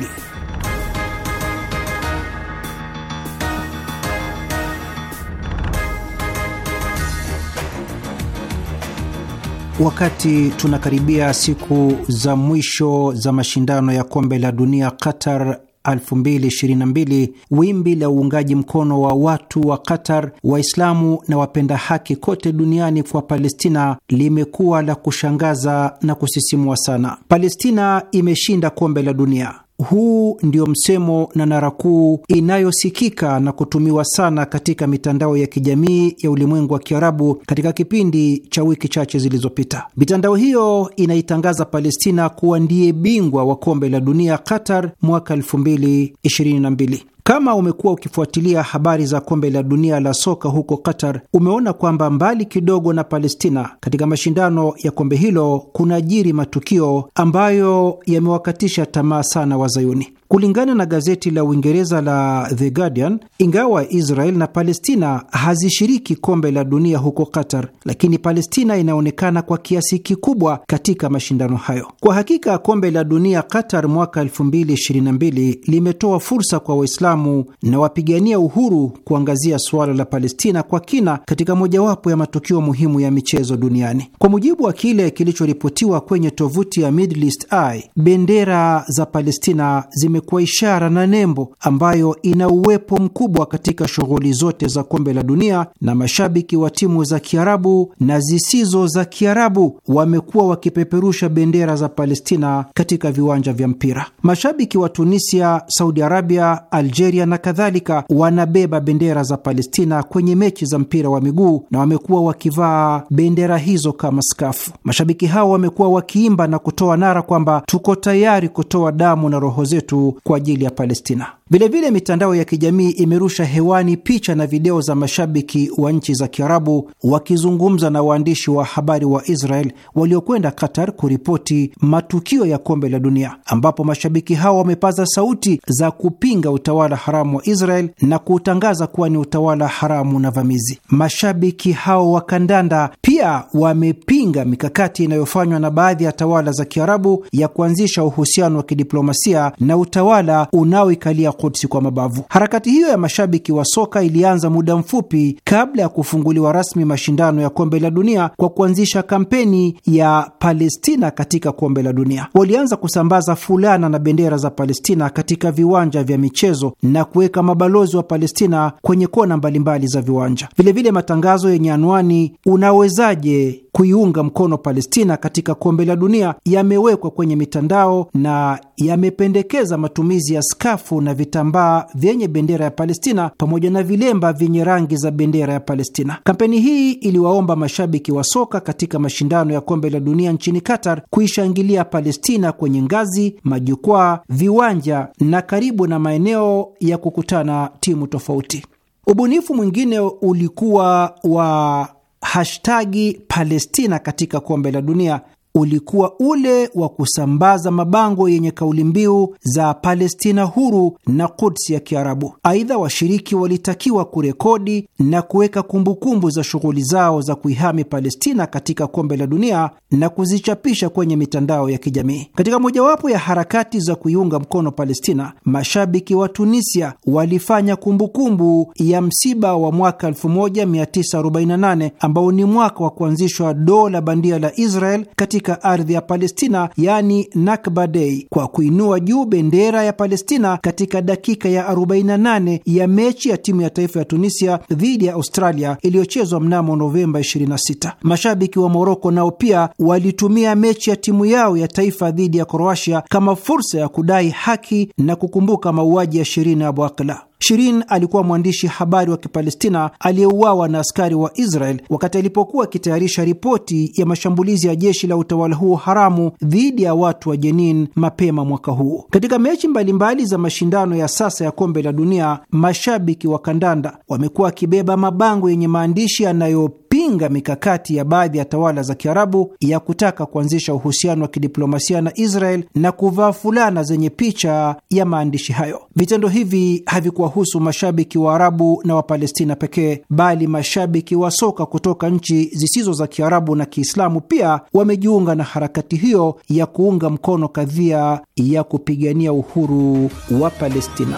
Wakati tunakaribia siku za mwisho za mashindano ya kombe la dunia Qatar 2022 wimbi la uungaji mkono wa watu wa Qatar, Waislamu na wapenda haki kote duniani kwa Palestina limekuwa la kushangaza na kusisimua sana. Palestina imeshinda kombe la dunia huu ndio msemo na nara kuu inayosikika na kutumiwa sana katika mitandao ya kijamii ya ulimwengu wa Kiarabu katika kipindi cha wiki chache zilizopita. Mitandao hiyo inaitangaza Palestina kuwa ndiye bingwa wa kombe la dunia Qatar mwaka 2022. Kama umekuwa ukifuatilia habari za kombe la dunia la soka huko Qatar, umeona kwamba mbali kidogo na Palestina, katika mashindano ya kombe hilo kuna jiri matukio ambayo yamewakatisha tamaa sana Wazayuni. Kulingana na gazeti la Uingereza la The Guardian, ingawa Israel na Palestina hazishiriki kombe la dunia huko Qatar, lakini Palestina inaonekana kwa kiasi kikubwa katika mashindano hayo. Kwa hakika kombe la dunia Qatar mwaka 2022 limetoa fursa kwa Waislamu na wapigania uhuru kuangazia suala la Palestina kwa kina katika mojawapo ya matukio muhimu ya michezo duniani. Kwa mujibu wa kile kilichoripotiwa kwenye tovuti ya Middle East Eye, bendera za Palestina zime kwa ishara na nembo ambayo ina uwepo mkubwa katika shughuli zote za kombe la dunia, na mashabiki wa timu za Kiarabu na zisizo za Kiarabu wamekuwa wakipeperusha bendera za Palestina katika viwanja vya mpira. Mashabiki wa Tunisia, Saudi Arabia, Algeria na kadhalika wanabeba bendera za Palestina kwenye mechi za mpira wa miguu na wamekuwa wakivaa bendera hizo kama skafu. Mashabiki hao wamekuwa wakiimba na kutoa nara kwamba tuko tayari kutoa damu na roho zetu juu kwa ajili ya Palestina. Vilevile, mitandao ya kijamii imerusha hewani picha na video za mashabiki wa nchi za Kiarabu wakizungumza na waandishi wa habari wa Israel waliokwenda Qatar kuripoti matukio ya kombe la dunia, ambapo mashabiki hao wamepaza sauti za kupinga utawala haramu wa Israel na kuutangaza kuwa ni utawala haramu na vamizi. Mashabiki hao wa kandanda pia wamepinga mikakati inayofanywa na baadhi ya tawala za Kiarabu ya kuanzisha uhusiano wa kidiplomasia na utawala unaoikalia Kudsi kwa mabavu. Harakati hiyo ya mashabiki wa soka ilianza muda mfupi kabla ya kufunguliwa rasmi mashindano ya kombe la dunia kwa kuanzisha kampeni ya Palestina katika kombe la dunia. Walianza kusambaza fulana na bendera za Palestina katika viwanja vya michezo na kuweka mabalozi wa Palestina kwenye kona mbalimbali za viwanja. Vilevile, matangazo yenye anwani unaweza itawezaje kuiunga mkono Palestina katika kombe la dunia yamewekwa kwenye mitandao na yamependekeza matumizi ya skafu na vitambaa vyenye bendera ya Palestina pamoja na vilemba vyenye rangi za bendera ya Palestina. Kampeni hii iliwaomba mashabiki wa soka katika mashindano ya kombe la dunia nchini Qatar kuishangilia Palestina kwenye ngazi, majukwaa, viwanja na karibu na maeneo ya kukutana timu tofauti. Ubunifu mwingine ulikuwa wa hashtagi Palestina katika kombe la dunia ulikuwa ule wa kusambaza mabango yenye kauli mbiu za Palestina huru na Quds ya Kiarabu. Aidha, washiriki walitakiwa kurekodi na kuweka kumbukumbu za shughuli zao za kuihami Palestina katika kombe la dunia na kuzichapisha kwenye mitandao ya kijamii. Katika mojawapo ya harakati za kuiunga mkono Palestina, mashabiki wa Tunisia walifanya kumbukumbu ya msiba wa mwaka 1948 ambao ni mwaka wa kuanzishwa dola bandia la Israel katika katika ardhi ya Palestina, yani Nakba Day, kwa kuinua juu bendera ya Palestina katika dakika ya 48 ya mechi ya timu ya taifa ya Tunisia dhidi ya Australia iliyochezwa mnamo Novemba 26. Mashabiki wa Moroko nao pia walitumia mechi ya timu yao ya taifa dhidi ya Kroatia kama fursa ya kudai haki na kukumbuka mauaji ya Shirini Abu Akla. Shirin alikuwa mwandishi habari wa Kipalestina aliyeuawa na askari wa Israel wakati alipokuwa akitayarisha ripoti ya mashambulizi ya jeshi la utawala huo haramu dhidi ya watu wa Jenin mapema mwaka huu. Katika mechi mbalimbali za mashindano ya sasa ya kombe la dunia, mashabiki wa kandanda wamekuwa wakibeba mabango yenye maandishi yanayopinga mikakati ya baadhi ya tawala za Kiarabu ya kutaka kuanzisha uhusiano wa kidiplomasia na Israel na kuvaa fulana zenye picha ya maandishi hayo. Vitendo hivi havikuwahusu mashabiki wa Arabu na Wapalestina pekee, bali mashabiki wa soka kutoka nchi zisizo za Kiarabu na Kiislamu pia wamejiunga na harakati hiyo ya kuunga mkono kadhia ya kupigania uhuru wa Palestina.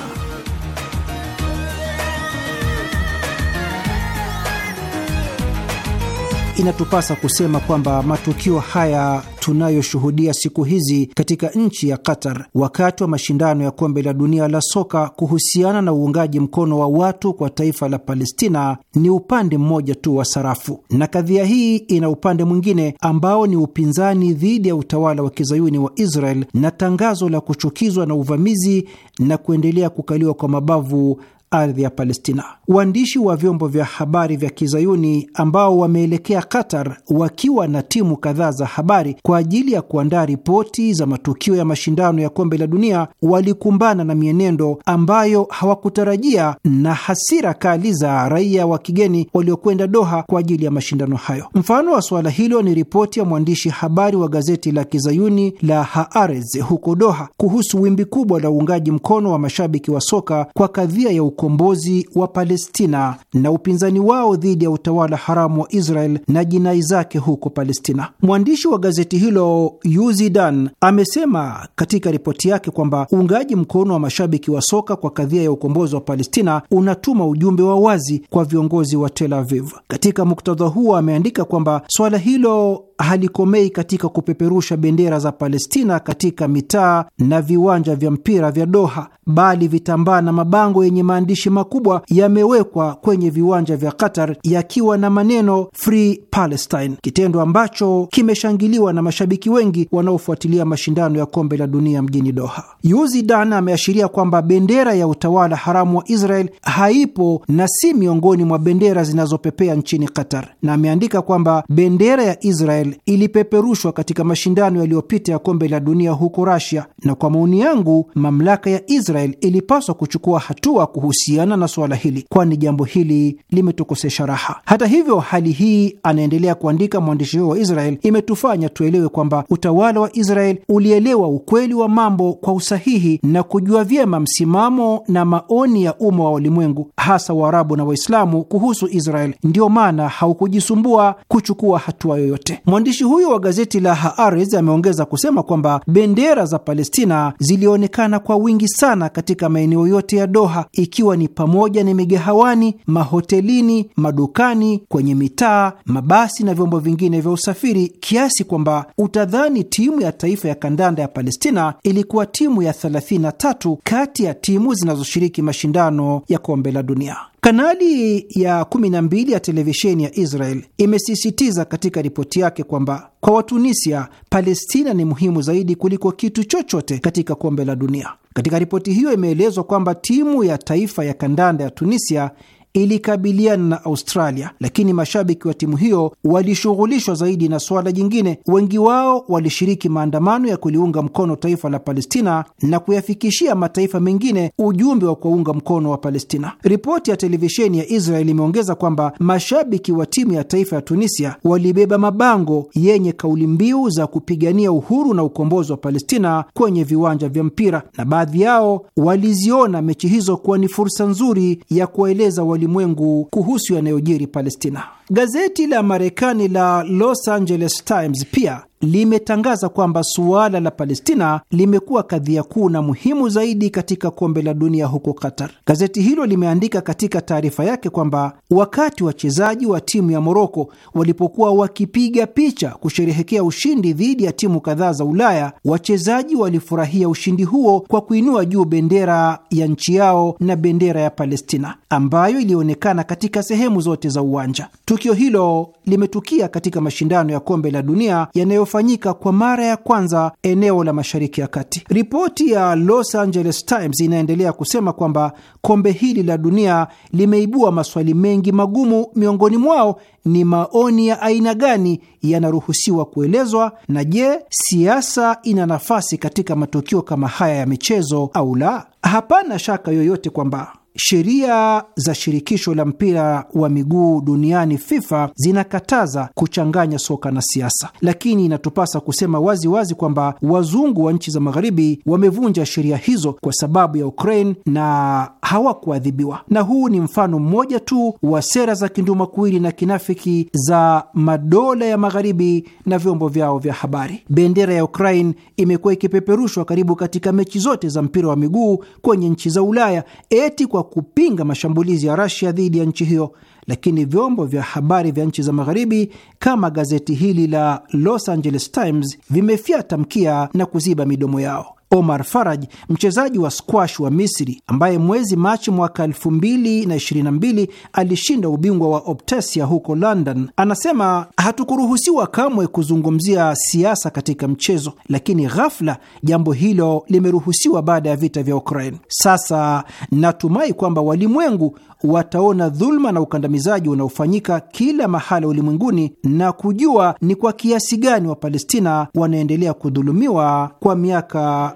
inatupasa kusema kwamba matukio haya tunayoshuhudia siku hizi katika nchi ya Qatar wakati wa mashindano ya kombe la dunia la soka kuhusiana na uungaji mkono wa watu kwa taifa la Palestina ni upande mmoja tu wa sarafu, na kadhia hii ina upande mwingine ambao ni upinzani dhidi ya utawala wa kizayuni wa Israel na tangazo la kuchukizwa na uvamizi na kuendelea kukaliwa kwa mabavu ardhi ya Palestina. Waandishi wa vyombo vya habari vya kizayuni ambao wameelekea Qatar wakiwa na timu kadhaa za habari kwa ajili ya kuandaa ripoti za matukio ya mashindano ya kombe la dunia walikumbana na mienendo ambayo hawakutarajia na hasira kali za raia wa kigeni waliokwenda Doha kwa ajili ya mashindano hayo. Mfano wa suala hilo ni ripoti ya mwandishi habari wa gazeti la kizayuni la Haarez huko Doha kuhusu wimbi kubwa la uungaji mkono wa mashabiki wa soka kwa kadhia ya ukombozi wa Palestina na upinzani wao dhidi ya utawala haramu wa Israel na jinai zake huko Palestina. Mwandishi wa gazeti hilo Yuzidan amesema katika ripoti yake kwamba uungaji mkono wa mashabiki wa soka kwa kadhia ya ukombozi wa Palestina unatuma ujumbe wa wazi kwa viongozi wa Tel Aviv. Katika muktadha huo, ameandika kwamba swala hilo halikomei katika kupeperusha bendera za Palestina katika mitaa na viwanja vya mpira vya Doha, bali vitambaa na mabango yenye maandishi makubwa yamewekwa kwenye viwanja vya Qatar yakiwa na maneno Free Palestine, kitendo ambacho kimeshangiliwa na mashabiki wengi wanaofuatilia mashindano ya kombe la dunia mjini Doha. Yuzi Dan ameashiria kwamba bendera ya utawala haramu wa Israel haipo na si miongoni mwa bendera zinazopepea nchini Qatar, na ameandika kwamba bendera ya Israel Israel ilipeperushwa katika mashindano yaliyopita ya kombe la dunia huko Rasia, na kwa maoni yangu mamlaka ya Israel ilipaswa kuchukua hatua kuhusiana na suala hili, kwani jambo hili limetukosesha raha. Hata hivyo, hali hii, anaendelea kuandika mwandishi huyo wa Israel, imetufanya tuelewe kwamba utawala wa Israel ulielewa ukweli wa mambo kwa usahihi na kujua vyema msimamo na maoni ya umma wa ulimwengu, hasa Waarabu na Waislamu kuhusu Israel, ndiyo maana haukujisumbua kuchukua hatua yoyote. Mwandishi huyo wa gazeti la Haaretz ameongeza kusema kwamba bendera za Palestina zilionekana kwa wingi sana katika maeneo yote ya Doha, ikiwa ni pamoja na migahawani, mahotelini, madukani, kwenye mitaa, mabasi na vyombo vingine vya usafiri, kiasi kwamba utadhani timu ya taifa ya kandanda ya Palestina ilikuwa timu ya 33 kati ya timu zinazoshiriki mashindano ya kombe la dunia. Kanali ya 12 ya televisheni ya Israel imesisitiza katika ripoti yake kwamba kwa Watunisia, Palestina ni muhimu zaidi kuliko kitu chochote katika kombe la dunia. Katika ripoti hiyo imeelezwa kwamba timu ya taifa ya kandanda ya Tunisia ilikabiliana na Australia, lakini mashabiki wa timu hiyo walishughulishwa zaidi na suala jingine. Wengi wao walishiriki maandamano ya kuliunga mkono taifa la Palestina na kuyafikishia mataifa mengine ujumbe wa kuwaunga mkono wa Palestina. Ripoti ya televisheni ya Israel imeongeza kwamba mashabiki wa timu ya taifa ya Tunisia walibeba mabango yenye kauli mbiu za kupigania uhuru na ukombozi wa Palestina kwenye viwanja vya mpira, na baadhi yao waliziona mechi hizo kuwa ni fursa nzuri ya kuwaeleza wali ulimwengu kuhusu yanayojiri Palestina. Gazeti la Marekani la Los Angeles Times pia limetangaza kwamba suala la Palestina limekuwa kadhia kuu na muhimu zaidi katika kombe la dunia huko Qatar. Gazeti hilo limeandika katika taarifa yake kwamba wakati wachezaji wa timu ya Moroko walipokuwa wakipiga picha kusherehekea ushindi dhidi ya timu kadhaa za Ulaya, wachezaji walifurahia ushindi huo kwa kuinua juu bendera ya nchi yao na bendera ya Palestina ambayo ilionekana katika sehemu zote za uwanja. Tukio hilo limetukia katika mashindano ya kombe la dunia yanayo iliyofanyika kwa mara ya kwanza eneo la Mashariki ya Kati. Ripoti ya Los Angeles Times inaendelea kusema kwamba kombe hili la dunia limeibua maswali mengi magumu, miongoni mwao ni maoni ya aina gani yanaruhusiwa kuelezwa, na je, siasa ina nafasi katika matukio kama haya ya michezo au la? Hapana shaka yoyote kwamba sheria za shirikisho la mpira wa miguu duniani FIFA zinakataza kuchanganya soka na siasa, lakini inatupasa kusema wazi wazi kwamba wazungu wa nchi za magharibi wamevunja sheria hizo kwa sababu ya Ukraine na hawakuadhibiwa. Na huu ni mfano mmoja tu wa sera za kindumakuwili na kinafiki za madola ya magharibi na vyombo vyao vya habari. Bendera ya Ukraine imekuwa ikipeperushwa karibu katika mechi zote za mpira wa miguu kwenye nchi za Ulaya eti kwa kupinga mashambulizi ya Rasia dhidi ya nchi hiyo, lakini vyombo vya habari vya nchi za magharibi kama gazeti hili la Los Angeles Times vimefyata mkia na kuziba midomo yao. Omar Faraj, mchezaji wa squash wa Misri ambaye mwezi Machi mwaka 2022 alishinda ubingwa wa Optasia huko London, anasema hatukuruhusiwa kamwe kuzungumzia siasa katika mchezo, lakini ghafla jambo hilo limeruhusiwa baada ya vita vya Ukraine. Sasa natumai kwamba walimwengu wataona dhuluma na ukandamizaji unaofanyika kila mahala ulimwenguni na kujua ni kwa kiasi gani Wapalestina wanaendelea kudhulumiwa kwa miaka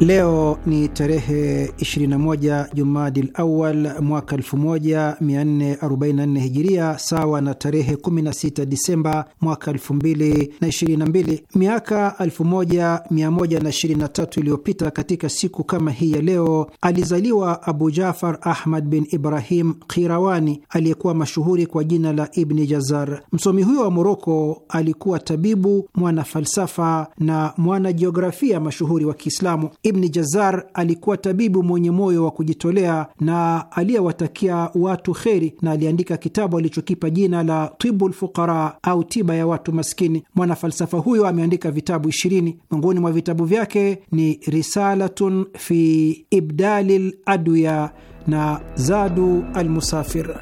Leo ni tarehe 21 Jumadil Awal mwaka 1444 Hijiria, sawa na tarehe 16 Disemba mwaka 2022. Miaka 1123 iliyopita katika siku kama hii ya leo alizaliwa Abu Jafar Ahmad bin Ibrahim Qirawani aliyekuwa mashuhuri kwa jina la Ibni Jazar. Msomi huyo wa Moroko alikuwa tabibu, mwana falsafa na mwana jiografia mashuhuri wa Kiislamu. Ibni Jazar alikuwa tabibu mwenye moyo wa kujitolea na aliyewatakia watu kheri, na aliandika kitabu alichokipa jina la tibu Lfuqara au tiba ya watu maskini. Mwanafalsafa huyo ameandika vitabu ishirini. Miongoni mwa vitabu vyake ni Risalatun fi Ibdalil Adwiya na Zadu Almusafir.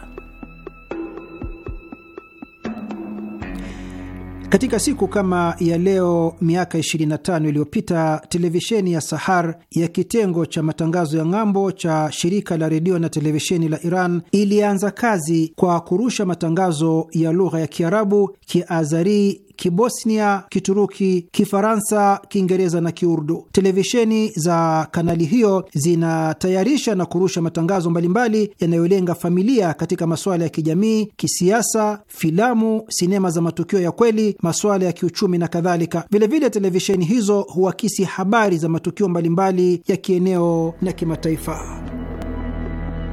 Katika siku kama ya leo miaka 25 iliyopita televisheni ya Sahar ya kitengo cha matangazo ya ng'ambo cha shirika la redio na televisheni la Iran ilianza kazi kwa kurusha matangazo ya lugha ya Kiarabu, Kiazari, Kibosnia, Kituruki, Kifaransa, Kiingereza na Kiurdu. Televisheni za kanali hiyo zinatayarisha na kurusha matangazo mbalimbali yanayolenga familia katika masuala ya kijamii, kisiasa, filamu, sinema za matukio ya kweli, masuala ya kiuchumi na kadhalika. Vilevile televisheni hizo huakisi habari za matukio mbalimbali ya kieneo na kimataifa.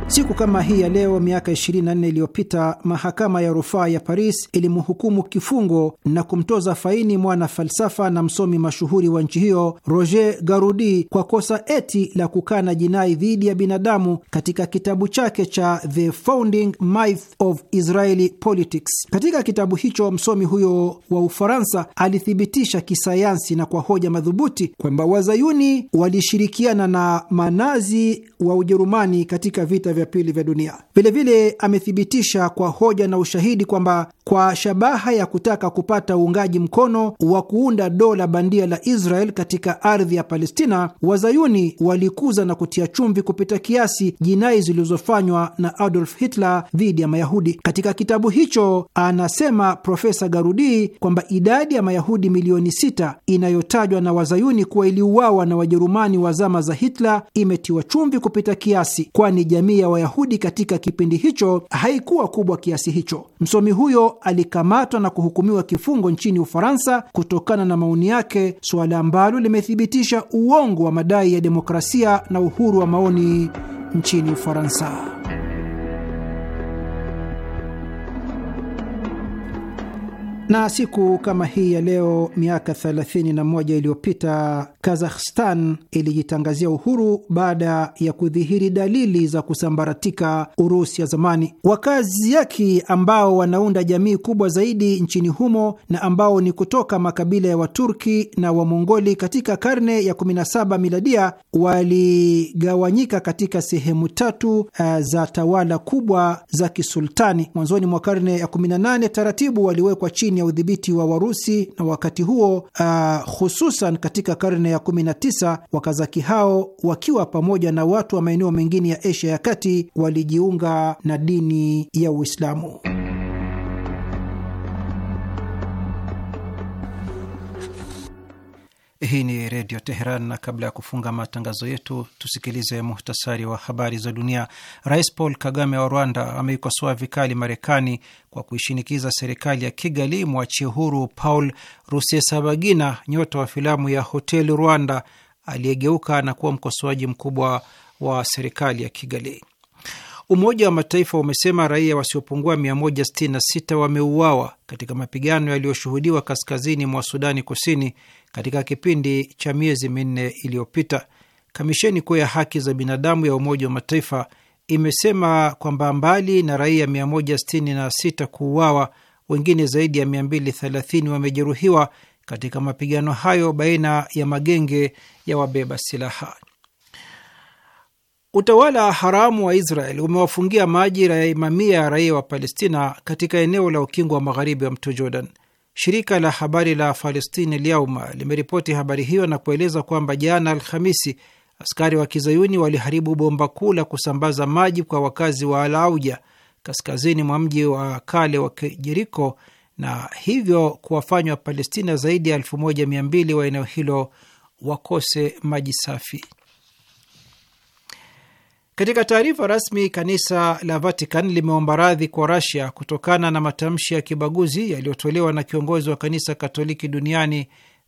Siku kama hii ya leo miaka 24 iliyopita mahakama ya rufaa ya Paris ilimhukumu kifungo na kumtoza faini mwana falsafa na msomi mashuhuri wa nchi hiyo Roger Garudi kwa kosa eti la kukana jinai dhidi ya binadamu katika kitabu chake cha The Founding Myth of Israeli Politics. Katika kitabu hicho, msomi huyo wa Ufaransa alithibitisha kisayansi na kwa hoja madhubuti kwamba wazayuni walishirikiana na manazi wa Ujerumani katika vita vya pili vya dunia. Vilevile amethibitisha kwa hoja na ushahidi kwamba kwa shabaha ya kutaka kupata uungaji mkono wa kuunda dola bandia la Israel katika ardhi ya Palestina, wazayuni walikuza na kutia chumvi kupita kiasi jinai zilizofanywa na Adolf Hitler dhidi ya Mayahudi. Katika kitabu hicho anasema Profesa Garudi kwamba idadi ya Mayahudi milioni sita inayotajwa na wazayuni kuwa iliuawa na Wajerumani wa zama za Hitler imetiwa chumvi kupita kiasi, kwani jamii ya Wayahudi katika kipindi hicho haikuwa kubwa kiasi hicho. Msomi huyo alikamatwa na kuhukumiwa kifungo nchini Ufaransa kutokana na maoni yake, suala ambalo limethibitisha uongo wa madai ya demokrasia na uhuru wa maoni nchini Ufaransa. Na siku kama hii ya leo miaka 31 iliyopita Kazakhstan ilijitangazia uhuru baada ya kudhihiri dalili za kusambaratika Urusi ya zamani. Wakazi yake ambao wanaunda jamii kubwa zaidi nchini humo na ambao ni kutoka makabila ya Waturki na Wamongoli katika karne ya 17 miladia waligawanyika katika sehemu tatu uh, za tawala kubwa za kisultani. Mwanzoni mwa karne ya 18 taratibu waliwekwa chini chini ya udhibiti wa Warusi, na wakati huo uh, hususan katika karne ya 19 Wakazaki hao wakiwa pamoja na watu wa maeneo mengine ya Asia ya kati walijiunga na dini ya Uislamu. Hii ni Redio Teheran, na kabla ya kufunga matangazo yetu tusikilize muhtasari wa habari za dunia. Rais Paul Kagame wa Rwanda ameikosoa vikali Marekani kwa kuishinikiza serikali ya Kigali mwachie huru Paul Rusesabagina, nyota wa filamu ya Hotel Rwanda aliyegeuka na kuwa mkosoaji mkubwa wa serikali ya Kigali. Umoja wa Mataifa umesema raia wasiopungua 166 wameuawa katika mapigano yaliyoshuhudiwa kaskazini mwa Sudani Kusini katika kipindi cha miezi minne iliyopita. Kamisheni Kuu ya Haki za Binadamu ya Umoja wa Mataifa imesema kwamba mbali na raia 166 kuuawa, wengine zaidi ya 230 wamejeruhiwa katika mapigano hayo baina ya magenge ya wabeba silaha. Utawala haramu wa Israel umewafungia maji mamia ya raia wa Palestina katika eneo la ukingo wa magharibi wa mto Jordan. Shirika la habari la Falestini Lyauma limeripoti habari hiyo na kueleza kwamba jana Alhamisi, askari wa kizayuni waliharibu bomba kuu la kusambaza maji kwa wakazi wa Alauja kaskazini mwa mji wa kale wa Jeriko, na hivyo kuwafanywa Palestina zaidi ya 1200 wa eneo hilo wakose maji safi. Katika taarifa rasmi, kanisa la Vatican limeomba radhi kwa Rasia kutokana na matamshi ya kibaguzi yaliyotolewa na kiongozi wa kanisa Katoliki duniani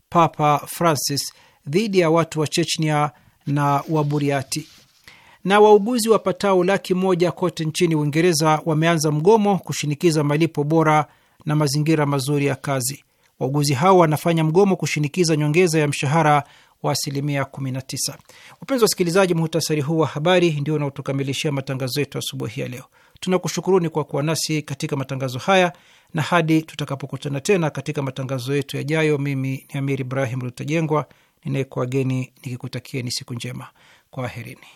Papa Francis dhidi ya watu wa Chechnia na Waburiati. Na wauguzi wapatao laki moja kote nchini Uingereza wameanza mgomo kushinikiza malipo bora na mazingira mazuri ya kazi. Wauguzi hao wanafanya mgomo kushinikiza nyongeza ya mshahara wa asilimia 19. Wapenzi wasikilizaji, muhtasari huu wa habari ndio unaotukamilishia matangazo yetu asubuhi ya leo. Tunakushukuruni kwa kuwa nasi katika matangazo haya na hadi tutakapokutana tena katika matangazo yetu yajayo, mimi ni Amir Ibrahim Rutajengwa ninayekuwageni nikikutakieni siku njema. Kwaherini.